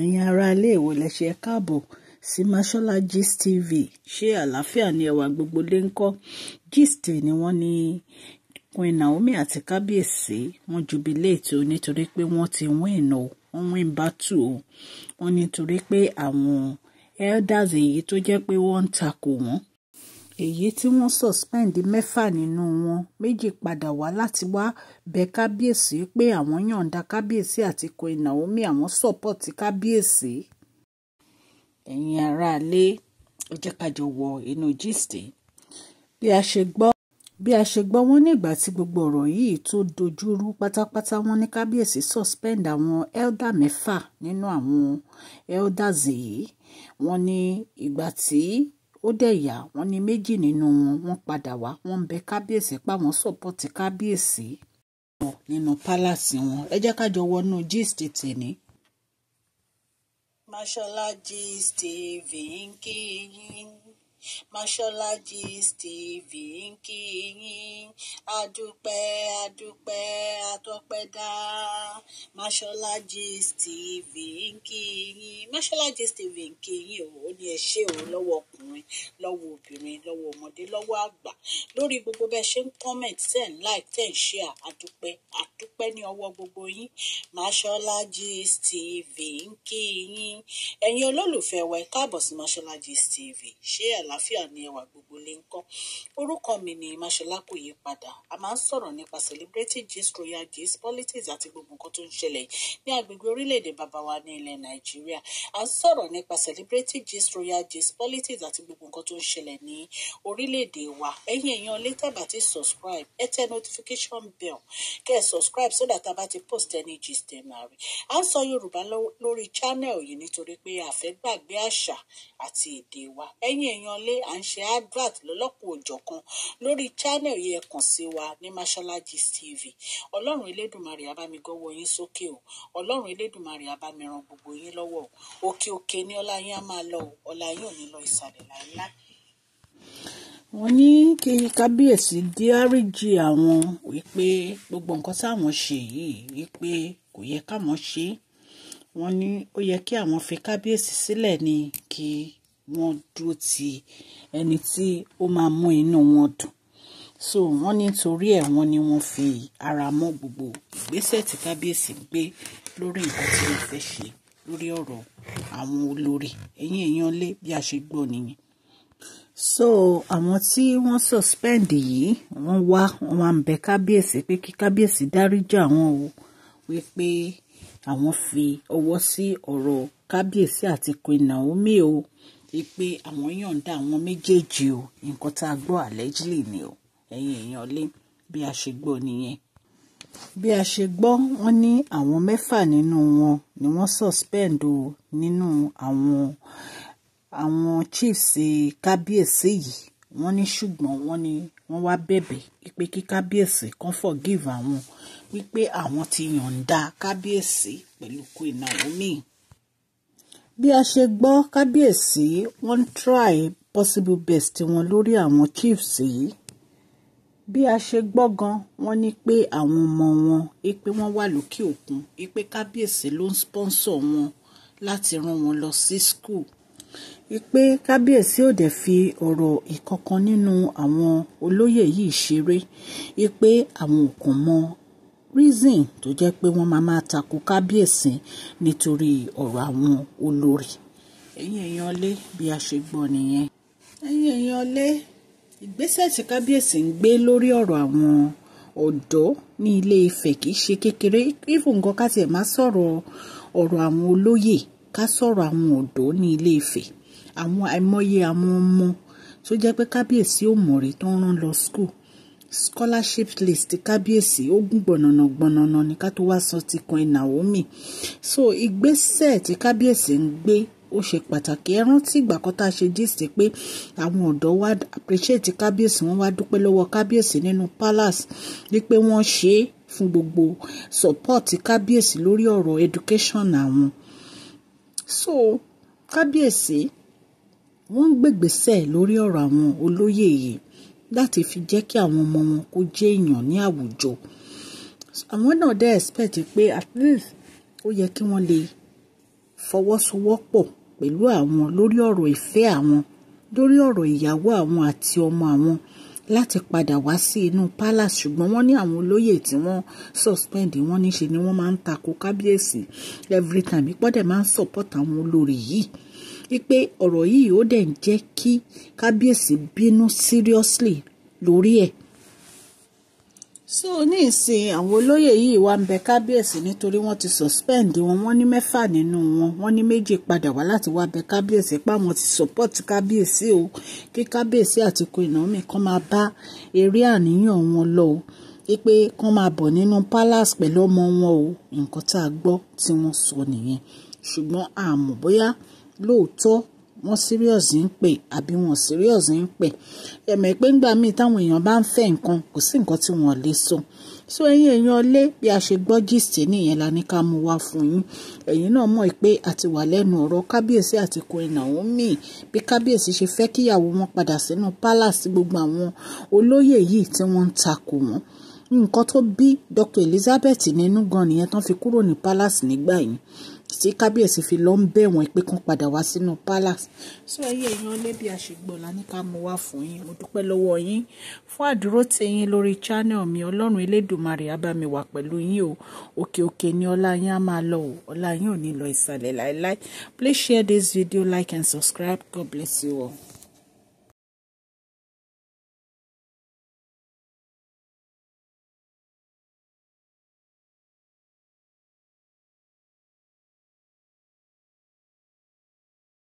ẹ̀yin ará ilé ìwò lẹ́sẹ̀ káàbọ̀ sí Mashola Gist TV ṣé àlàáfíà ni ẹwà gbogbo lè ń kọ́ gist ni wọ́n ní Queen Naomi àti kábíyèsí wọ́n jubilate o nítorí pé wọ́n ti win o wọ́n win battle o wọ́n nítorí pé àwọn elders èyí tó jẹ́ pé wọ́n ń takò wọ́n èyí tí wọ́n suspend mẹ́fà nínú wọn méjì padà wá láti wá bẹ kábíyèsí pé àwọn yọ̀ǹda kábíyèsí àti Queen Naomi àwọn sọ́pọ̀tì kábíyèsí. ẹ̀yin aráalé ẹ jẹ́ ká jọ wọ inú gist bí a ṣe gbọ́ bí a ṣe gbọ́ wọ́n ní tí gbogbo ọ̀rọ̀ yìí tó dojúrú pátápátá wọ́n ní kábíyèsí suspend àwọn elder mẹ́fà nínú àwọn elders yìí wọ́n ní ìgbà tí ó dẹ̀ yà wọ́n ní méjì nínú wọn wọ́n padà wá wọ́n ń bẹ kábíyèsí páwọn sọ́pọ̀tì kábíyèsí wọn nínú pálásì wọn ẹ jẹ́ ká jọ wọnú gist tèmi. Mashola Gist TV ń kí yín. Mashola Gist TV ń kí yín adúpẹ́ adúpẹ́ atọ́pẹ́dá Mashola Gist TV ń kí yín Mashola Gist TV ń kí yín o ó ní ẹ ṣé o lọ́wọ́ ọkùnrin lọ́wọ́ obìnrin lọ́wọ́ ọmọdé lọ́wọ́ àgbà lórí gbogbo bẹ́ẹ̀ ṣe ń comment ten like ten share adúpẹ́ adúpẹ́ ní ọwọ́ gbogbo yín Mashola Gist TV ń kí yín ẹ̀yin olólùfẹ́ wa ẹ káàbọ̀ sí Mashola Gist TV ṣé ẹ̀ lá àlàáfíà ni ẹwà gbogbo lè ń kọ́ orúkọ mi ni Máṣọlá yí padà a máa ń sọ̀rọ̀ nípa celebrity gist royal gist politics àti gbogbo nǹkan tó ń ṣẹlẹ̀ ní agbègbè orílẹ̀-èdè bàbá ní ilẹ̀ Nàìjíríà a ń sọ̀rọ̀ nípa celebrity gist royal gist politics àti gbogbo nǹkan tó ń ṣẹlẹ̀ ní orílẹ̀-èdè wa ẹ̀yin èèyàn lè tẹ̀bà ti subscribe ẹ tẹ notification bell kẹ́ ẹ subscribe so that a bá ti post ẹni gist ẹ̀ máa rí a ń sọ Yorùbá lórí channel yìí nítorí pé a fẹ́ gbàgbé àṣà àti èdè wa ẹ̀yin èèyàn ilé à ń ṣe advert lọ́lọ́kùn òjọ̀kan lórí channel yẹn kàn sí wa ní Mashola Gist TV ọlọ́run elédùnmarè á yín sókè o ọlọ́run elédùnmarè á gbogbo yín lọ́wọ́ o òkè òkè ni ọlá yín á máa lọ o ọlá yín ò ní lọ ìsàlẹ̀ láíláí wọ́n ní kí kábíyèsí díárìjì àwọn wípé gbogbo nǹkan táwọn ṣe yìí wípé kò yẹ káwọn ṣe wọ́n ní ó yẹ kí àwọn fi kábíyèsí sílẹ̀ ni kí wọ́n dúró ti ẹni tí ó máa mú inú wọn dùn so wọ́n nítorí ẹ̀ wọ́n ni wọ́n fi ara mọ́ gbogbo ìgbésẹ̀ tí kábíyèsí gbé lórí nǹkan tí wọ́n fẹ́ ṣe lórí ọ̀rọ̀ àwọn olórí ẹ̀yìn èèyàn lé bí a ṣe gbọ́ nìyẹn so àwọn tí wọ́n suspend yìí wọ́n wá wọ́n máa ń bẹ kábíyèsí pé kí kábíyèsí dáríjì àwọn o wípé àwọn fi ọwọ́ sí ọ̀rọ̀ kábíyèsí àti queen Naomi o Ipe àwọn yọ̀ǹda àwọn méjèèjì o nǹkan tá a gbọ́ allegedly ni o ẹ̀yin èèyàn lé bí a ṣe gbọ́ nìyẹn bí a ṣe gbọ́ wọ́n ní àwọn mẹ́fà nínú wọn ni wọ́n suspend o nínú àwọn àwọn chiefs kábíyèsí yìí wọ́n ní ṣùgbọ́n wọ́n ní wọ́n wá bẹ̀bẹ̀ pé kí kábíyèsí kan forgive àwọn wípé àwọn ti yọ̀ǹda kábíyèsí pẹ̀lú Queen Naomi bí a ṣe gbọ́ kábíyèsí wọ́n try possible best wọn lórí àwọn chiefs yìí bí a ṣe gbọ́ gan wọ́n ní pé àwọn ọmọ wọn pé wọ́n wà lókè òkun pé kábíyèsí ló ń sponsor wọn láti rán wọn lọ sí school pé kábíyèsí ò dẹ̀ fi ọ̀rọ̀ ìkankan nínú àwọn olóyè yìí ṣeré pé àwọn ò reason tó jẹ́ pé wọ́n máa máa takò kábíyèsí nítorí ọ̀rọ̀ àwọn olórí. ẹ̀yin èèyàn lé bí a ṣe gbọ́ nìyẹn. ẹ̀yin èèyàn lé ìgbésẹ̀ tí kábíyèsí ń gbé lórí ọ̀rọ̀ àwọn ọ̀dọ́ ní ilé Ifẹ̀ kì í ṣe kékeré even nǹkan ká tiẹ̀ máa sọ̀rọ̀ ọ̀rọ̀ àwọn olóyè ká sọ̀rọ̀ àwọn ọ̀dọ́ ní ilé Ifẹ̀ àwọn àìmọye àwọn ọmọ tó jẹ́ pé kábíyèsí ò mọ̀rẹ́ tó ń rán lọ school scholarship list kábíyèsí ó gùn gbọ̀nàna gbọ̀nàna ni ká tó wá san ti kan Naomi so ìgbésẹ̀ tí kábíyèsí ń gbé ó ṣe pàtàkì ẹ rántí ìgbà kan tá a ṣe gist pé àwọn ọ̀dọ́ wá appreciate kábíyèsí wọ́n wá dúpẹ́ lọ́wọ́ kábíyèsí nínú palace wípé wọ́n ṣe é fún gbogbo support kábíyèsí lórí ọ̀rọ̀ education àwọn so kábíyèsí wọ́n ń gbègbèsẹ̀ lórí ọ̀rọ̀ àwọn olóyè yìí láti fi jẹ́ kí àwọn ọmọ wọn kó jẹ́ èèyàn ní àwùjọ àwọn náà dẹ́ expect pé at least ó yẹ kí wọ́n lè fọwọ́sowọ́pọ̀ pẹ̀lú àwọn lórí ọ̀rọ̀ ìfẹ́ àwọn lórí ọ̀rọ̀ ìyàwó àwọn àti ọmọ àwọn láti padà wá sí inú palace ṣùgbọ́n wọ́n ní àwọn olóyè tí wọ́n suspend wọ́n níṣe ni wọ́n máa ń takò kábíyèsí every time ìpọ́dẹ̀ máa ń support àwọn olórí yìí wípé ọ̀rọ̀ yìí ó dẹ̀ ń jẹ́ kí kábíyèsí bínú seriously lórí ẹ̀. so ní ìsìn àwọn olóyè yìí wá ń bẹ kábíyèsí nítorí wọ́n ti suspend wọn wọ́n ní mẹ́fà nínú wọn wọ́n ní méjì padà wá láti wá bẹ kábíyèsí páwọn ti support kábíyèsí o kí kábíyèsí àti Queen Naomi kan máa bá eré àníyàn wọn lọ o pé kán máa bọ̀ nínú palace pẹ̀lú ọmọ wọn o nǹkan tá a gbọ́ tí wọ́n sọ nìyẹn ṣùgbọ́n àmọ́ bóyá lóòótọ́ wọ́n serious ń pè àbí wọ́n serious ń pè ẹ̀mẹ̀ pé ńgbà míì táwọn èèyàn bá ń fẹ́ nǹkan kò sí nǹkan tí wọ́n lè sọ so ẹ̀yin èèyàn lé bí a ṣe gbọ́ gist nìyẹn la ní ká mú wá fún yín ẹ̀yin náà mọ̀ pé a ti wà lẹ́nu ọ̀rọ̀ kábíyèsí àti Queen Naomi bí kábíyèsí ṣe fẹ́ kíyàwó wọn padà sínú palace gbogbo àwọn olóyè yìí tí wọ́n ń takò wọ́n nǹkan tó bí Dr Elizabeth nínú gan nìyẹn tán fi kúrò ní palace nígbà yìí tí kábíyèsí fi lọ ń bẹ̀ wọ́n pé kán padà wá sínú palace. sọ ẹyẹ èèyàn lẹ́bi àṣegbọ̀ la ní ká mú wá fún yín mo dúpẹ́ lọ́wọ́ yín fún àdúró tẹ̀yìn lórí channel mi ọlọ́run elédùnmarè á bá mi wà pẹ̀lú yín o òkè òkè ni ọlá yín á máa lọ o ọlá yín ò ní lọ ìsàlẹ̀ láéláé please share this video like and subscribe god bless you all.